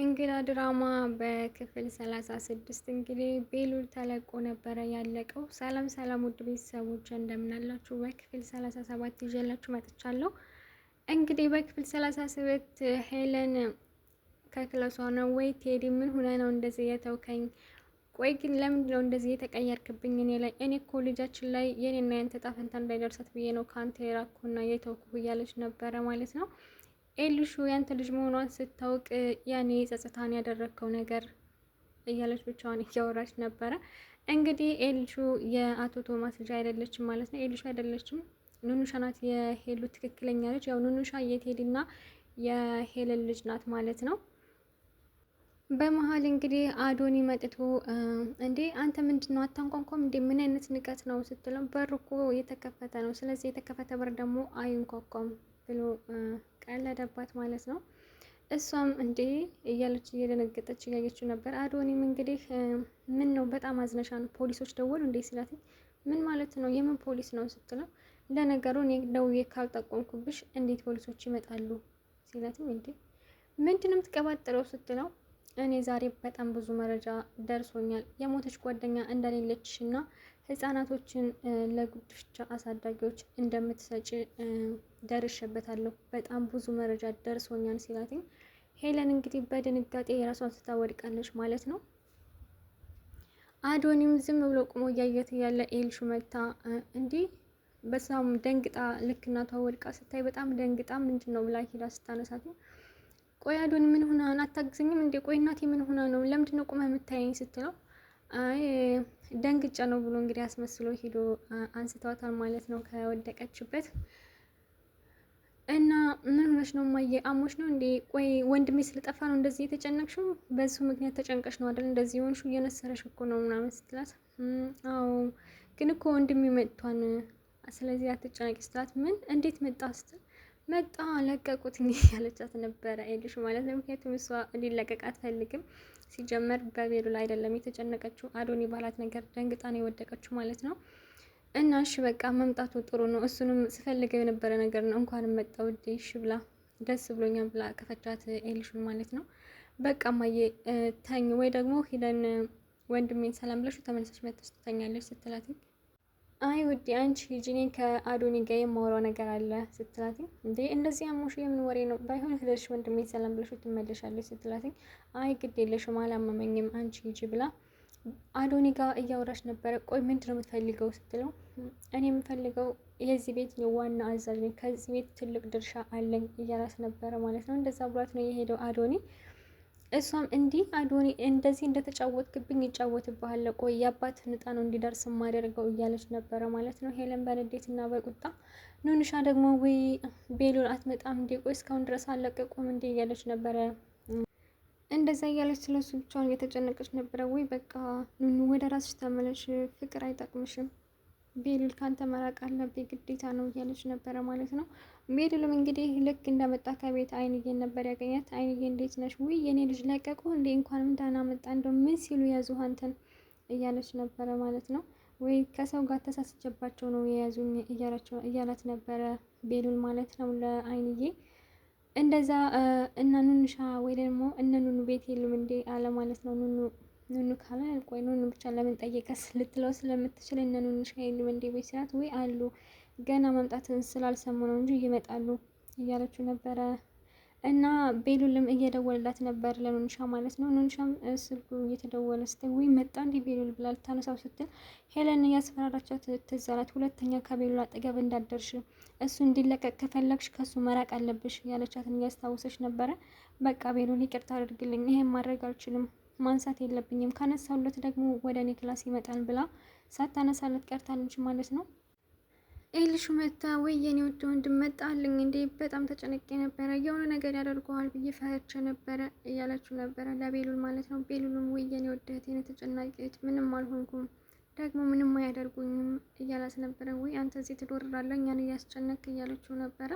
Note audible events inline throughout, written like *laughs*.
እንግዳ ድራማ በክፍል ሰላሳ ስድስት እንግዲህ ቤሉል ተለቆ ነበረ ያለቀው። ሰላም ሰላም፣ ውድ ቤተሰቦች እንደምናላችሁ። በክፍል ሰላሳ ሰባት ይዤላችሁ መጥቻለሁ። እንግዲህ በክፍል ሰላሳ ስበት ሄለን ከክለሷ ነው ወይ ቴዲ፣ ምን ሆነ ነው እንደዚህ የተውከኝ? ቆይ ግን ለምንድን ነው እንደዚህ የተቀየርክብኝ እኔ ላይ? እኔ እኮ ልጃችን ላይ የኔና ያንተ ጣፈንታ እንዳይደርሳት ብዬ ነው ከአንተ የራኩና የተውኩ እያለች ነበረ ማለት ነው ኤልሹ ያንተ ልጅ መሆኗን ስታውቅ ያኔ ጸጽታን ያደረግከው ነገር እያለች ብቻዋን እያወራች ነበረ። እንግዲህ ኤልሹ የአቶ ቶማስ ልጅ አይደለችም ማለት ነው። ኤልሹ አይደለችም፣ ኑኑሻ ናት የሄሉ ትክክለኛ ልጅ። ያው ኑኑሻ የቴዲና የሄለን ልጅ ናት ማለት ነው። በመሀል እንግዲህ አዶኒ መጥቶ እንዴ አንተ ምንድን ነው አታንኳንኳም እንዴ? ምን አይነት ንቀት ነው ስትለው፣ በር እኮ የተከፈተ ነው። ስለዚህ የተከፈተ በር ደግሞ አይንኳኳም ብሎ ቀለደባት ማለት ነው። እሷም እንዴ እያለች እየደነገጠች እያየችው ነበር። አዶኒም እንግዲህ ምን ነው በጣም አዝነሻ ነው ፖሊሶች ደወሉ እንዴ ሲላት ምን ማለት ነው የምን ፖሊስ ነው ስትለው ለነገሩ እኔ ደውዬ ካልጠቆምኩብሽ እንዴት ፖሊሶች ይመጣሉ ሲላትም እንዴ ምንድን ነው የምትቀባጥረው ስትለው እኔ ዛሬ በጣም ብዙ መረጃ ደርሶኛል የሞተች ጓደኛ እንደሌለችሽ እና ህጻናቶችን ለጉዲፈቻ አሳዳጊዎች እንደምትሰጪ ደርሼበታለሁ፣ በጣም ብዙ መረጃ ደርሶኛል ሲላትኝ ሄለን እንግዲህ በድንጋጤ የራሷን ስታወድቃለች ማለት ነው። አዶኒም ዝም ብሎ ቁሞ እያየት ያለ ኤልሹ መታ እንዲህ በሳም ደንግጣ ልክ እናቷ ወድቃ ስታይ በጣም ደንግጣ ምንድን ነው ብላ ሂዳ ስታነሳት ቆይ አዶኒ ምን ሆና አታግዘኝም እንዴ? ቆይ እናቴ ምን ሆና ነው? ለምንድን ነው ቁመህ የምታየኝ ስትለው ደንግጫ ነው ብሎ እንግዲህ አስመስሎ ሄዶ አንስተዋታል ማለት ነው ከወደቀችበት እና ምን ሆነሽ ነው እማዬ? አሞሽ ነው እንዴ? ቆይ ወንድሜ ስለጠፋ ነው እንደዚህ የተጨነቅሽው? በሱ ምክንያት ተጨንቀሽ ነው አይደል እንደዚህ የሆንሽው? እየነሰረሽ እኮ ነው ምናምን ስትላት፣ አዎ ግን እኮ ወንድሜ መጥቷን፣ ስለዚህ አትጨነቂ ስትላት፣ ምን እንዴት መጣ ስትል፣ መጣ ለቀቁት *laughs* ያለቻት ነበረ ያለሽ ማለት ነው። ምክንያቱም እሷ ሊለቀቅ አትፈልግም። ሲጀመር ላይ አይደለም የተጨነቀችው፣ አዶኒ ባላት ነገር ደንግጣ ነው የወደቀችው ማለት ነው። እና እሺ በቃ መምጣቱ ጥሩ ነው። እሱንም ስፈልገው የነበረ ነገር ነው። እንኳንም መጣ ውዴ፣ እሺ ብላ ደስ ብሎኛ ብላ ከፈቻት ኤልሹን ማለት ነው። በቃ ማየ ተኝ ወይ ደግሞ ሂደን ወንድሜን ሰላም ብለሽ ተመልሰሽ መጥተሽ ትተኛለች ስትላት አይ ውዴ አንቺ ሂጂ፣ እኔ ከአዶኒ ጋር የማወራው ነገር አለ ስትላት፣ እንዴ እንደዚህ አሞሽ የምን ወሬ ነው? ባይሆን ስለሽ ወንድሜ ሰላም ብለሽ ትመለሻለች ስትላት፣ አይ ግድ የለሽም አላመመኝም፣ አንቺ ሂጂ ብላ አዶኒ ጋር እያወራች ነበረ። ቆይ ምንድን ነው የምትፈልገው ስትለው፣ እኔ የምፈልገው የዚህ ቤት ዋና አዛዥ ነኝ፣ ከዚህ ቤት ትልቅ ድርሻ አለኝ እያላት ነበረ ማለት ነው። እንደዛ ብሏት ነው የሄደው አዶኒ እሷም እንዲህ አዶኒ እንደዚህ እንደተጫወትክብኝ ይጫወትብሃል፣ ቆይ የአባት ንጣ ነው እንዲደርስ ማደርገው እያለች ነበረ ማለት ነው ሄለን በንዴት እና በቁጣ ኑንሻ ደግሞ ወይ ቤሉል አትመጣም እንዴ? ቆይ እስካሁን ድረስ አለቀቁም እንዴ? እያለች ነበረ። እንደዛ እያለች ስለሱ ብቻዋን እየተጨነቀች ነበረ። ወይ በቃ ኑኑ ወደ ራስሽ ተመለሽ፣ ፍቅር አይጠቅምሽም ቤሉል ካንተ መራቅ አለብኝ ግዴታ ነው እያለች ነበረ ማለት ነው። ቤሉልም እንግዲህ ልክ እንደመጣ ከቤት አይንዬን ነበር ያገኛት። አይንዬ እንዴት ነሽ? ውይ የኔ ልጅ ለቀቁ እንዴ እንኳንም ደህና መጣ፣ እንደ ምን ሲሉ ያዙ አንተን እያለች ነበረ ማለት ነው። ወይ ከሰው ጋር ተሳስጀባቸው ነው የያዙኝ እያላት ነበረ ቤሉል ማለት ነው ለአይንዬ እንደዛ እና ኑንሻ ወይ ደግሞ እነ ኑኑ ቤት የሉም እንዴ አለ ማለት ነው ኑኑ ኑኑ ካለ ቆይ ኑኑ ብቻ ለምን ጠየቀስ ልትለው ስለምትችል እነ ኑኑ ጋር ወንዴ እንዴ ቤት ሲላት፣ ወይ አሉ ገና መምጣትን ስላልሰሙ ነው እንጂ ይመጣሉ እያለችው ነበረ። እና ቤሉልም እየደወለላት ነበር ለኑንሻ ማለት ነው። ኑንሻም ስልኩ እየተደወለ ስትል ወይ መጣ እንዲ ቤሉል ብላ ልታነሳው ስትል ሄለን እያስፈራራቻት ትዝ አላት። ሁለተኛ ከቤሉል አጠገብ እንዳደርሽ እሱ እንዲለቀቅ ከፈለግሽ ከሱ መራቅ አለብሽ ያለቻትን እያስታወሰች ነበረ። በቃ ቤሉል ይቅርታ አድርግልኝ፣ ይሄን ማድረግ አልችልም ማንሳት የለብኝም ካነሳሁለት ደግሞ ወደ እኔ ክላስ ይመጣል ብላ ሳታነሳለት ቀርታለች ማለት ነው። ኤልሹ መታ ወይ የኔ ውድ ወንድም መጣልኝ እንዴ? በጣም ተጨነቄ ነበረ፣ የሆነ ነገር ያደርገዋል ብዬ ፈርቼ ነበረ እያለችው ነበረ ለቤሉል ማለት ነው። ቤሉልም ወይ የኔ ውድ እህቴ ነህ ምንም አልሆንኩም፣ ደግሞ ምንም አያደርጉኝም እያላት ነበረ። ወይ አንተ እዚህ ትዶርራለህ እኛን እያስጨነቅ እያለችው ነበረ።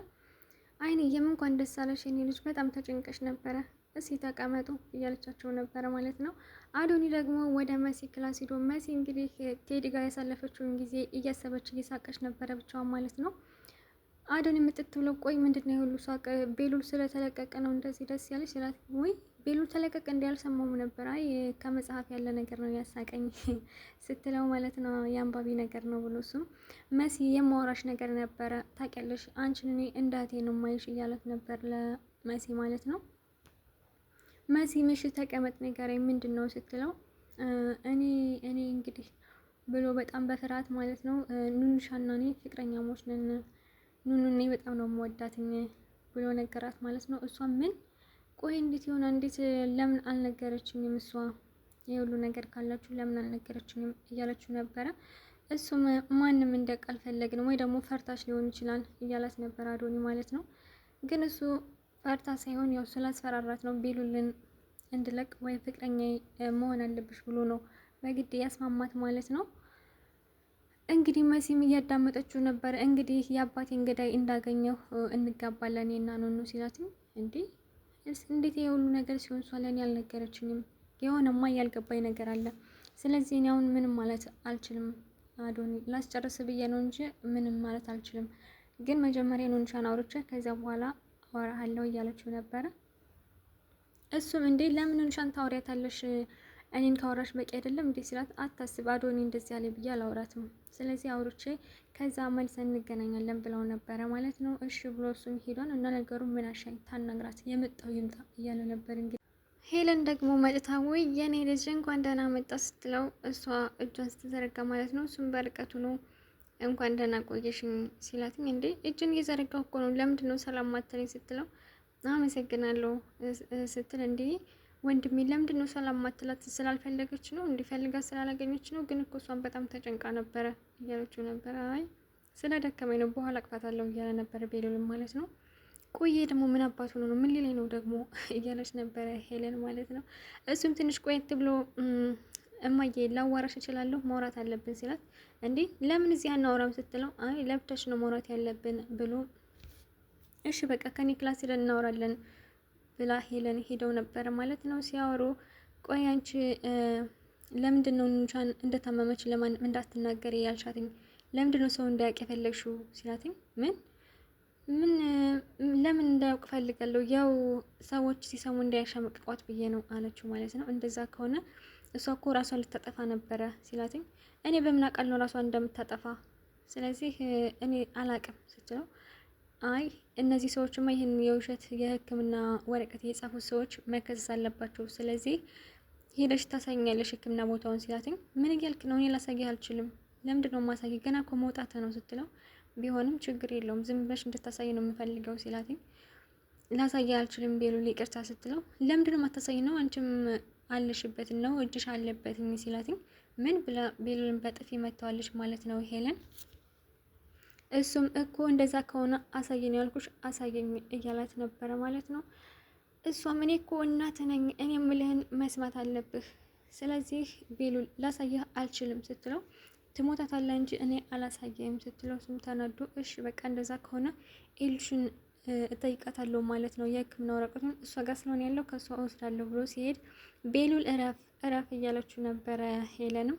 አይኔ የምንኳን እንኳን ደስ አለሽ የኔ ልጅ፣ በጣም ተጨንቀሽ ነበረ እስኪ ተቀመጡ እያለቻቸው ነበረ ማለት ነው። አዶኒ ደግሞ ወደ መሲ ክላስ ሄዶ መሲ እንግዲህ ቴዲ ጋር ያሳለፈችውን ጊዜ እያሰበች እየሳቀች ነበረ ብቻዋን ማለት ነው። አዶኒ የምትትብለው ቆይ ምንድን ነው የሁሉ ሳቅ? ቤሉል ስለተለቀቀ ነው እንደዚህ ደስ ያለች ስላት፣ ወይ ቤሉል ተለቀቀ እንዲ ያልሰማውም ነበር። አይ ከመጽሐፍ ያለ ነገር ነው ያሳቀኝ *laughs* ስትለው ማለት ነው የአንባቢ ነገር ነው ብሎ እሱም መሲ የማወራሽ ነገር ነበረ ታውቂያለሽ፣ አንቺን እኔ እንዳቴ ነው ማይሽ እያለት ነበር ለመሲ ማለት ነው። መሲ ምሽት ተቀመጥ ነገር ምንድን ነው ስትለው እኔ እኔ እንግዲህ ብሎ በጣም በፍርሃት ማለት ነው ኑኑሻና እኔ ፍቅረኛሞች ነን ኑኑ እኔ በጣም ነው የምወዳትኝ ብሎ ነገራት ማለት ነው። እሷ ምን ቆይ እንዴት ይሆን እንዴት ለምን አልነገረችኝም? እሷ የሁሉ ነገር ካላችሁ ለምን አልነገረችኝም እያለችው ነበረ። እሱም ማንም እንደቅ አልፈለግንም ወይ ደግሞ ፈርታች ሊሆን ይችላል እያላት ነበር አዶኒ ማለት ነው። ግን እሱ ፈርታ ሳይሆን ያው ስላስፈራራት ነው ቤሉልን እንድለቅ ወይ ፍቅረኛ መሆን አለብሽ ብሎ ነው በግድ ያስማማት ማለት ነው። እንግዲህ መሲም እያዳመጠችው ነበር። እንግዲህ የአባቴን ገዳይ እንዳገኘሁ እንጋባለን እና ኖኖ ሲላትም እንዴ እንዴት የሁሉ ነገር ሲሆን ሷለን ያልነገረችኝም የሆነማ ያልገባኝ ነገር አለ። ስለዚህ እኔ አሁን ምንም ማለት አልችልም። አዶኒ ላስጨርስ ብዬ ነው እንጂ ምንም ማለት አልችልም። ግን መጀመሪያ ኖንሻን አውርቼ ከዚያ በኋላ አወራሃለሁ እያለችው ነበረ። እሱም እንዴ ለምን ሆንሻን ታወሪያታለሽ? እኔን ካወራሽ በቂ አይደለም እንዴ ሲላት፣ አታስብ አዶኒ እንደዚህ ያለ ብዬ አላወራትም። ስለዚህ አውርቼ ከዛ መልስ እንገናኛለን ብለው ነበረ ማለት ነው። እሺ ብሎ እሱም ሄዷን እና ነገሩ ምን አሻኝ ታናግራት የመጣው ይምጣ እያለ ነበር እንግዲህ ሄለን ደግሞ መጥታ ወይ የኔ ልጅ እንኳን ደህና መጣ ስትለው እሷ እጇን ስትዘረጋ ማለት ነው እሱም በርቀቱ ነው እንኳን ደህና ቆየሽኝ ሲላትኝ፣ እንዴ እጅን እየዘረጋሁ እኮ ነው ለምንድን ነው ሰላም ማትለኝ ስትለው፣ አመሰግናለሁ ስትል፣ እንዴ ወንድሜ ለምንድን ነው ሰላም ማትላት? ስላልፈለገች ነው እንዲፈልጋ ስላላገኘች ነው። ግን እኮ እሷን በጣም ተጨንቃ ነበረ እያለችው ነበረ። አይ ስለ ደከመኝ ነው በኋላ አቅፋታለሁ እያለ ነበረ ቤሉልም ማለት ነው። ቆየ ደግሞ ምን አባት ሆኖ ነው ምን ሊለኝ ነው ደግሞ እያለች ነበረ ሄለን ማለት ነው። እሱም ትንሽ ቆየት ብሎ እማዬ ላዋራሽ እችላለሁ ማውራት አለብን ሲላት፣ እንዴ ለምን እዚህ አናወራም ስትለው፣ አይ ለብቻሽ ነው ማውራት ያለብን ብሎ እሺ በቃ ከኔ ክላስ ሄደን እናወራለን ብላ ሄለን ሄደው ነበር ማለት ነው። ሲያወሩ ቆይ አንቺ ለምንድን ነው እንደታመመች ለማን እንዳትናገር ያልሻትኝ? ለምንድን ነው ሰው እንዳያውቅ የፈለግሽው ሲላትኝ፣ ምን ምን ለምን እንዳያውቅ ፈልጋለሁ? ያው ሰዎች ሲሰሙ እንዳያሸመቅቋት ብዬ ነው አለችው ማለት ነው። እንደዛ ከሆነ እሷ እኮ ራሷን ልታጠፋ ነበረ ሲላትኝ እኔ በምን ነው ራሷን እንደምታጠፋ ስለዚህ እኔ አላቅም ስትለው አይ እነዚህ ሰዎችማ ይህን የውሸት የህክምና ወረቀት የጻፉት ሰዎች መከሰስ አለባቸው። ስለዚህ ሄደሽ ታሳኛለሽ ህክምና ቦታውን ሲላትኝ ምን እያልክ ነው? እኔ ላሳይህ አልችልም። ለምንድን ነው ማሳይ? ገና እኮ መውጣት ነው ስትለው ቢሆንም ችግር የለውም ዝም ብለሽ እንድታሳይ ነው የምፈልገው ሲላትኝ ላሳይ አልችልም ቤሉ ይቅርታ ስትለው ለምንድን ነው ማታሳይ ነው አንቺም አለሽበት ነው እጅሽ አለበት ሲላትኝ ምን ብላ ቤሉልን በጥፊ መታዋለች ማለት ነው ሄለን። እሱም እኮ እንደዛ ከሆነ አሳየኝ ያልኩሽ አሳየኝ እያላት ነበረ ማለት ነው። እሷም እኔ እኮ እናት ነኝ እኔ ምልህን መስማት አለብህ፣ ስለዚህ ቤሉል ላሳየህ አልችልም ስትለው ትሞታታለህ እንጂ እኔ አላሳየም ስትለው እሱም ተናዶ በቃ እንደዛ ከሆነ ኤልሹን እጠይቃታለሁ ማለት ነው። የህክምና ወረቀቱን እሷ ጋር ስለሆነ ያለው ከእሷ እወስዳለሁ ብሎ ሲሄድ ቤሉል እረፍ እረፍ እያለችው ነበረ። ሄለንም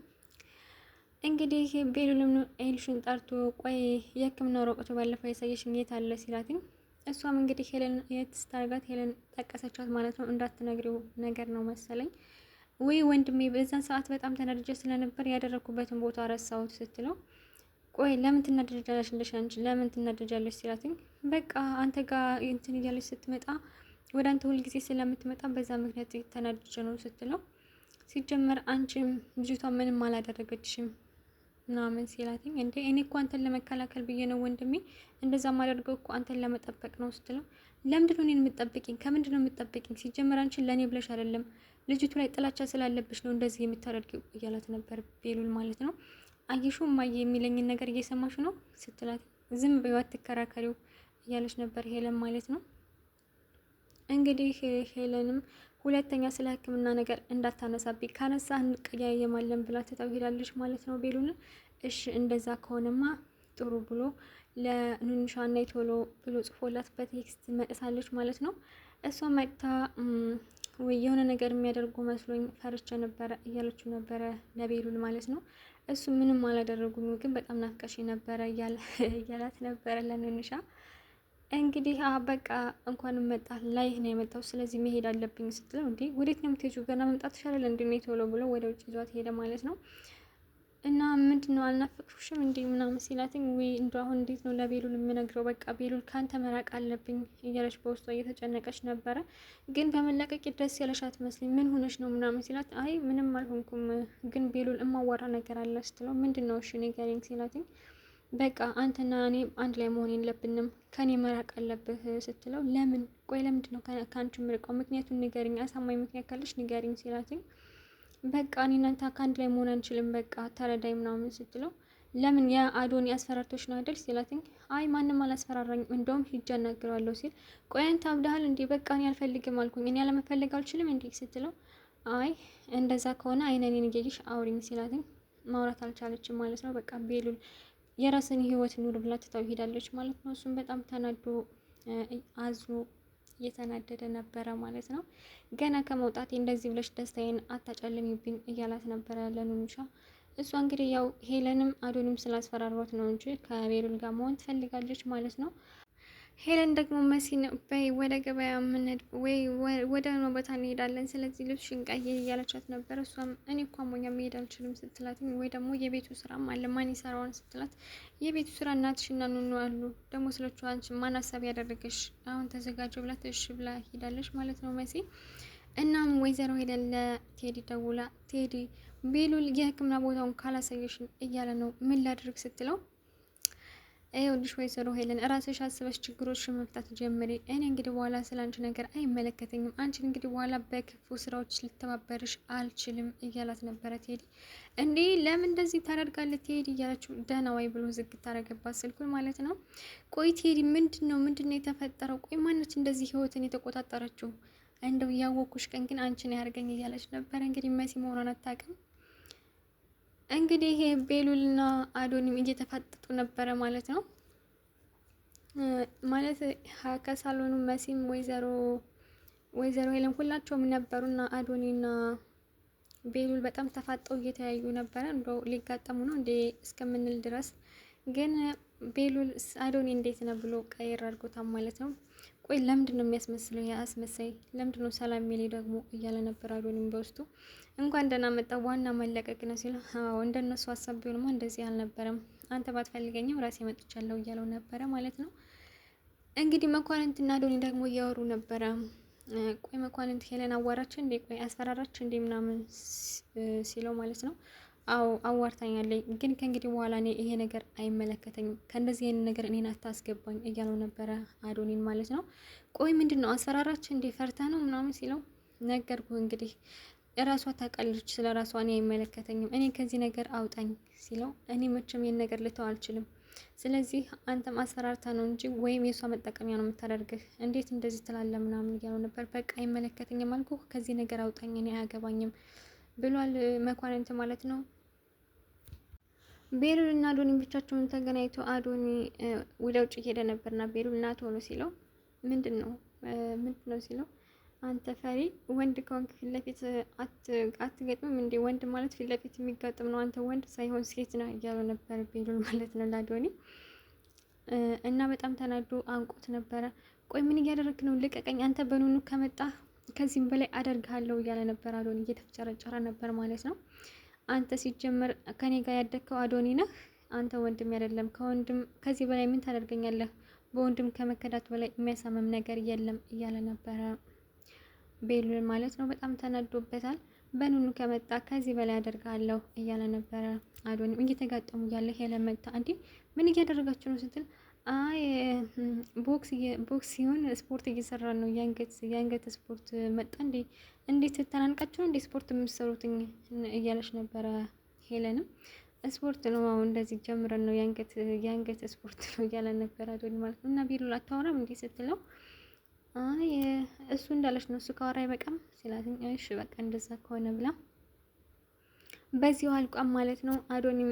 እንግዲህ ቤሉልም ኤልሹን ጠርቶ ቆይ የህክምና ወረቀቱ ባለፈው ያሳየሽኝ የት አለ ሲላትኝ እሷም እንግዲህ ሄለን የትስታርጋት ሄለን ጠቀሰቻት ማለት ነው። እንዳትነግሪው ነገር ነው መሰለኝ ወይ ወንድሜ፣ በዛን ሰዓት በጣም ተናድጄ ስለነበር ያደረኩበትን ቦታ ረሳሁት ስትለው ቆይ ለምን ትናደጃለሽ? አንቺ ለምን ትናደጃለሽ? ሲላትኝ በቃ አንተ ጋር እንትን እያለች ስትመጣ ወደ አንተ ሁልጊዜ ስለምትመጣ በዛ ምክንያት ተናድጄ ነው ስትለው፣ ሲጀመር አንቺም ልጅቷ ምንም አላደረገችሽም ምናምን ሲላትኝ፣ እንደ እኔ እኮ አንተን ለመከላከል ብዬ ነው ወንድሜ፣ እንደዛ ማደርገው እኮ አንተን ለመጠበቅ ነው ስትለው፣ ለምንድን ነው እኔን የምትጠብቂኝ? ከምንድን ነው የምትጠብቂኝ? ሲጀመር አንቺን ለእኔ ብለሽ አይደለም ልጅቱ ላይ ጥላቻ ስላለብሽ ነው እንደዚህ የምታደርጊው እያላት ነበር ቤሉል ማለት ነው። አየሹ እማዬ የሚለኝን ነገር እየሰማሽ ነው ስትላት፣ ዝም ብዩ አትከራከሪው እያለች ነበር ሄለን ማለት ነው። እንግዲህ ሄለንም ሁለተኛ ስለ ሕክምና ነገር እንዳታነሳብኝ ካነሳ እንቀያየማለን ብላ ትታው ሄዳለች ማለት ነው። ቤሉንም እሺ እንደዛ ከሆነማ ጥሩ ብሎ ለኑንሻ እና ቶሎ ብሎ ጽፎላት በቴክስት መጥሳለች ማለት ነው። እሷ መጥታ ወይ የሆነ ነገር የሚያደርጉ መስሎኝ ፈርቼ ነበረ እያለችው ነበረ ለቤሉል ማለት ነው። እሱ ምንም አላደረጉም፣ ግን በጣም ናፍቀሽ ነበረ *laughs* እያላት ነበረ ለንንሻ። እንግዲህ በቃ እንኳን መጣ ላይህ ነው የመጣው ስለዚህ መሄድ አለብኝ ስትለው፣ እንዲህ ወዴት ነው የምትሄጂው? ገና መምጣት ይሻላል እንድኔ ቶሎ ብሎ ወደ ውጭ ይዟት ሄደ ማለት ነው። እና ምንድን ነው አልናፈቅሽም እንዴ ምናምን ሲላትኝ ወይ እንደ አሁን እንዴት ነው ለቤሉል የምነግረው? በቃ ቤሉል ከአንተ መራቅ አለብኝ እያለች በውስጧ እየተጨነቀች ነበረ። ግን በመለቀቅ ደስ ያለሽ አትመስልኝ፣ ምን ሆነች ነው ምናምን ሲላት፣ አይ ምንም አልሆንኩም፣ ግን ቤሉል እማዋራ ነገር አለ ስትለው፣ ምንድን ነው እሺ ንገሪኝ ሲላትኝ፣ በቃ አንተና እኔ አንድ ላይ መሆን የለብንም ከኔ መራቅ አለብህ ስትለው፣ ለምን ቆይ ለምንድን ነው ከአንቺ ምርቀው? ምክንያቱን ንገርኝ፣ አሳማኝ ምክንያት ካለች ንገርኝ ሲላትኝ በቃ እኔና አንተ ከአንድ ላይ መሆን አንችልም፣ በቃ ተረዳይ ምናምን ስትለው ለምን የአዶን አስፈራርቶች ነው አይደል ሲላትኝ፣ አይ ማንም አላስፈራራኝ እንደውም ሂጅ አናግረዋለሁ ሲል ቆየን ታብዳሃል እንዴ በቃ እኔ አልፈልግም አልኩኝ፣ እኔ አለመፈለግ አልችልም እንዴ ስትለው፣ አይ እንደዛ ከሆነ አይነኔን እየይሽ አውሪኝ ሲላትኝ ማውራት አልቻለችም ማለት ነው። በቃ ቤሉል የራስን ህይወት ኑር ብላ ትታው ሄዳለች ማለት ነው። እሱም በጣም ተናዶ አዙ እየተናደደ ነበረ ማለት ነው። ገና ከመውጣቴ እንደዚህ ብለሽ ደስታዬን አታጨልሚብኝ እያላት ነበረ ያለ ኑሻ እሷ እንግዲህ ያው ሄለንም አዶንም ስላስፈራሯት ነው እንጂ ከቤሉል ጋር መሆን ትፈልጋለች ማለት ነው። ሄለን ደግሞ መሲን በይ ወደ ገበያ ምንድ ወይ ወደ ነው ቦታ እንሄዳለን፣ ስለዚህ ልብስ ቀይሪ እያለቻት ነበር። እሷም እኔ እኳ ሞኛ መሄድ አልችልም ስትላት፣ ወይ ደግሞ የቤቱ ስራ አለ ማን ይሰራዋል ስትላት፣ የቤቱ ስራ እናትሽና ኑኑ አሉ ደግሞ ስለች አንቺ ማን አሳቢ ያደረገሽ አሁን ተዘጋጀ ብላ እሺ ብላ ሄዳለች ማለት ነው መሲ። እናም ወይዘሮ ሄለን ለቴዲ ደውላ ቴዲ ቤሉል የህክምና ቦታውን ካላሳየሽን እያለ ነው ምን ላድርግ ስትለው ይኸውልሽ ወይዘሮ ሄለን ራስሽ አስበሽ ችግሮችን መፍታት ጀምሪ። እኔ እንግዲህ በኋላ ስለ አንቺ ነገር አይመለከተኝም። አንቺን እንግዲህ በኋላ በክፉ ስራዎች ልተባበርሽ አልችልም እያላት ነበረ ቴዲ። እንዴ ለምን እንደዚህ ታደርጋለህ ቴዲ እያለችው ደህና ዋይ ብሎ ዝግ ታደረገባት ስልኩን ማለት ነው። ቆይ ቴዲ ምንድን ነው ምንድን ነው የተፈጠረው? ቆይ ማነች እንደዚህ ህይወትን የተቆጣጠረችው? እንደው ያወኩሽ ቀን ግን አንቺን ያርገኝ እያለች ነበረ። እንግዲህ መሲ መሆኗን አታውቅም። እንግዲህ ቤሉልና አዶኒም እየተፋጠጡ ነበረ ማለት ነው። ማለት ከሳሎኑ መሲም ወይዘሮ ወይዘሮ ሄለን ሁላቸውም ነበሩና አዶኒና ቤሉል በጣም ተፋጠው እየተያዩ ነበረ። እንደው ሊጋጠሙ ነው እንዴ እስከምንል ድረስ ግን ቤሉል አዶኒ እንዴት ነው ብሎ ቀይር አድርጎታል ማለት ነው። ቆይ ለምንድን ነው የሚያስመስለው? ያ አስመሳይ ለምንድን ነው ሰላም የሚለኝ ደግሞ እያለ ነበር አዶኒም በውስጡ። እንኳን ደህና መጣ ዋና መለቀቅ ነው ሲል፣ አዎ እንደነሱ ሀሳብ ቢሆንማ እንደዚህ አልነበረም፣ አንተ ባትፈልገኝም ራሴ መጥቻለሁ እያለው ነበረ ማለት ነው። እንግዲህ መኳንንትና አዶኒ ደግሞ እያወሩ ነበረ። ቆይ መኳንንት ሄለን አዋራችን እንዴ? ቆይ አስፈራራች እንዴ? ምናምን ሲለው ማለት ነው አዎ አዋርታኛለች፣ ግን ከእንግዲህ በኋላ እኔ ይሄ ነገር አይመለከተኝም፣ ከእንደዚህ አይነት ነገር እኔን አታስገባኝ እያለው ነበረ አዶኒን ማለት ነው። ቆይ ምንድን ነው አስፈራራች እንዴ ነው ምናምን ሲለው ነገርኩ እንግዲህ እራሷ ታውቃለች ስለ ራሷ እኔ አይመለከተኝም፣ እኔ ከዚህ ነገር አውጣኝ ሲለው እኔ መቼም ይህን ነገር ልተው አልችልም። ስለዚህ አንተም አስፈራርታ ነው እንጂ ወይም የእሷ መጠቀሚያ ነው የምታደርግህ፣ እንዴት እንደዚህ ትላለህ ምናምን እያለው ነበር። በቃ አይመለከተኝም አልኩ ከዚህ ነገር አውጣኝ፣ እኔ አያገባኝም ብሏል መኳንንት ማለት ነው። ቤሉል እና አዶኒ ብቻቸውን ተገናኝቶ አዶኒ ወደ ውጭ ሄደ ነበርና ቤሉል ናት ሆኖ ሲለው ምንድን ነው ምንድን ነው ሲለው አንተ ፈሪ ወንድ ከሆንክ ፊት ለፊት አትገጥምም እንዴ? ወንድ ማለት ፊት ለፊት የሚጋጥም ነው። አንተ ወንድ ሳይሆን ሴት ነህ እያሉ ነበር ቤሉል ማለት ነው ለአዶኒ እና በጣም ተናዶ አንቆት ነበረ። ቆይ ምን እያደረግክ ነው? ልቀቀኝ! አንተ በኑኑ ከመጣህ ከዚህም በላይ አደርግሃለሁ እያለ ነበር። አዶኒ እየተፍጨረጨረ ነበር ማለት ነው። አንተ ሲጀመር ከኔ ጋር ያደግከው አዶኒ ነህ። አንተ ወንድም አይደለም። ከወንድም ከዚህ በላይ ምን ታደርገኛለህ? በወንድም ከመከዳት በላይ የሚያሳምም ነገር የለም እያለ ነበረ ቤሉል ማለት ነው። በጣም ተናዶበታል። በኑኑ ከመጣ ከዚህ በላይ አደርግሃለሁ እያለ ነበረ አዶኒ። እየተጋጠሙ እያለ ሄለን መጣ። እንዲህ ምን እያደረጋችሁ ነው ስትል አይ ቦክስ ቦክስ ሲሆን ስፖርት እየሰራ ነው። የአንገት የአንገት ስፖርት መጣ እንዴ? እንዴት ተናንቃችሁ እንዴ ስፖርት የምትሰሩትኝ? እያለች ነበረ ሄለንም ስፖርት ነው አሁን እንደዚህ ጀምረን ነው የአንገት የአንገት ስፖርት ነው እያለ ነበረ አዶኒ ማለት ነው። እና ቢሉል አታወራም እንዴ ስትለው አይ እሱ እንዳለች ነው እሱ ካወራ አይበቃም ሲላት፣ እሺ በቃ እንደዛ ከሆነ ብላ በዚህ አልቋም ማለት ነው። አዶኒም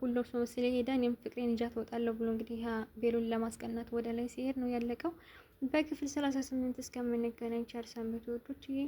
ሁሉም ሰው ስለሄደ እኔም ፍቅሬን ይዣ ትወጣለሁ ብሎ እንግዲህ ቤሉን ለማስቀናት ወደ ላይ ሲሄድ ነው ያለቀው። በክፍል 38 እስከምንገናኝ ቸር ሰንብቱ ውዶችዬ።